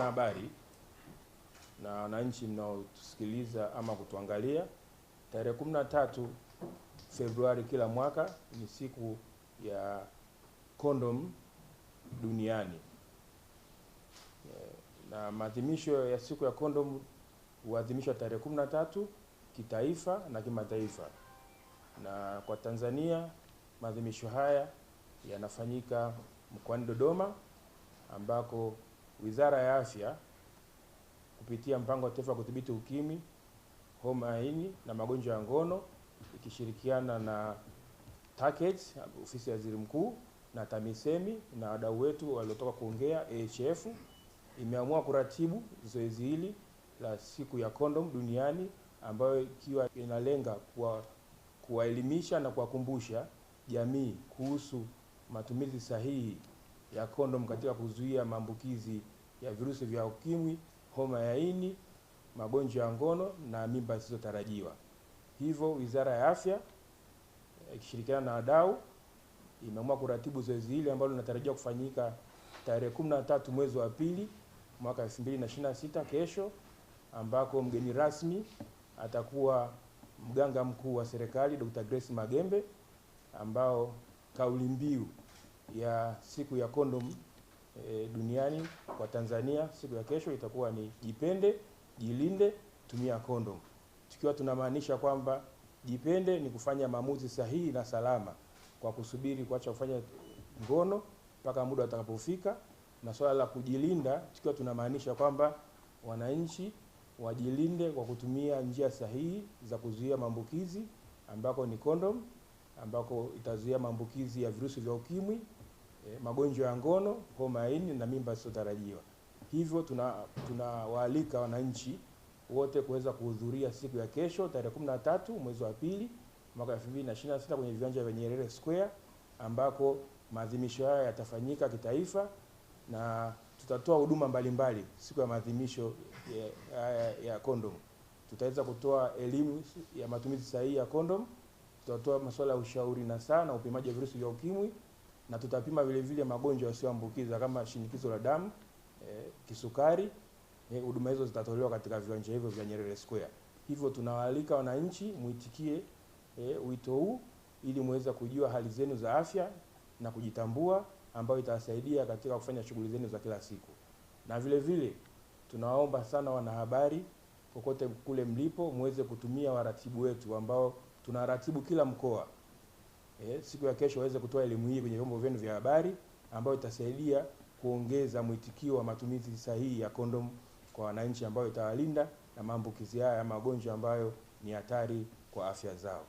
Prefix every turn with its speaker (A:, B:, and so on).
A: Na habari na wananchi mnaotusikiliza ama kutuangalia, tarehe 13 Februari kila mwaka ni siku ya kondom duniani, na maadhimisho ya siku ya kondom huadhimishwa tarehe 13 kitaifa na kimataifa, na kwa Tanzania maadhimisho haya yanafanyika mkoani Dodoma ambako Wizara ya Afya kupitia mpango wa taifa wa kudhibiti ukimwi, homa ya ini na magonjwa ya ngono ikishirikiana na TACAIDS, ofisi ya waziri mkuu na TAMISEMI na wadau wetu waliotoka kuongea AHF imeamua kuratibu zoezi hili la siku ya kondom duniani ambayo ikiwa inalenga kuwaelimisha na kuwakumbusha jamii kuhusu matumizi sahihi ya kondom katika kuzuia maambukizi ya virusi vya ukimwi, homa ya ini, magonjwa ya ngono na mimba zisizotarajiwa. Hivyo Wizara ya Afya eh, ikishirikiana na wadau imeamua kuratibu zoezi hili ambalo linatarajiwa kufanyika tarehe 13 mwezi wa pili mwaka 2026 kesho, ambako mgeni rasmi atakuwa mganga mkuu wa serikali Dr. Grace Magembe, ambao kauli mbiu ya siku ya kondomu e, duniani kwa Tanzania siku ya kesho itakuwa ni jipende, jilinde, tumia kondom, tukiwa tunamaanisha kwamba jipende ni kufanya maamuzi sahihi na salama kwa kusubiri kuacha kufanya ngono mpaka muda utakapofika, na swala la kujilinda tukiwa tunamaanisha kwamba wananchi wajilinde kwa kutumia njia sahihi za kuzuia maambukizi ambako ni kondom ambako itazuia maambukizi ya virusi vya ukimwi Eh, magonjwa ya ngono, homa ya ini na mimba zisizotarajiwa. Hivyo tunawaalika tuna wananchi wote kuweza kuhudhuria siku ya kesho tarehe 13 mwezi wa pili mwaka 2026 kwenye viwanja vya Nyerere Square ambako maadhimisho haya yatafanyika kitaifa na tutatoa huduma mbalimbali siku ya maadhimisho ya, ya, ya kondom. Tutaweza kutoa elimu ya matumizi sahihi ya kondom, tutatoa masuala ya ushauri na sana upimaji wa virusi vya ukimwi na tutapima vile vile magonjwa yasiyoambukiza kama shinikizo la damu eh, kisukari. Eh, huduma eh, hizo zitatolewa katika viwanja hivyo vya Nyerere Square. Hivyo tunawaalika wananchi muitikie eh, wito huu ili muweze kujua hali zenu za afya na kujitambua, ambayo itawasaidia katika kufanya shughuli zenu za kila siku. Na vile vile tunawaomba sana wanahabari kokote kule mlipo muweze kutumia waratibu wetu ambao tunaratibu kila mkoa eh, siku ya kesho waweze kutoa elimu hii kwenye vyombo vyenu vya habari ambayo itasaidia kuongeza mwitikio wa matumizi sahihi ya kondom kwa wananchi, ambayo itawalinda na maambukizi haya ya magonjwa ambayo ni hatari kwa afya zao.